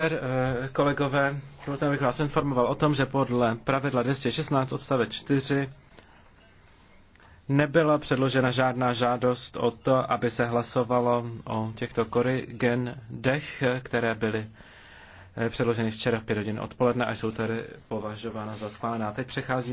Eh, kolegové, dovolte, bych vás informoval o tom, že podle pravidla 216 odstavec 4 nebyla předložena žádná žádost o to, aby se hlasovalo o těchto korigendech, které byly eh, předloženy včera v 5 hodin odpoledne a jsou tedy považována za schválená. Teď přechází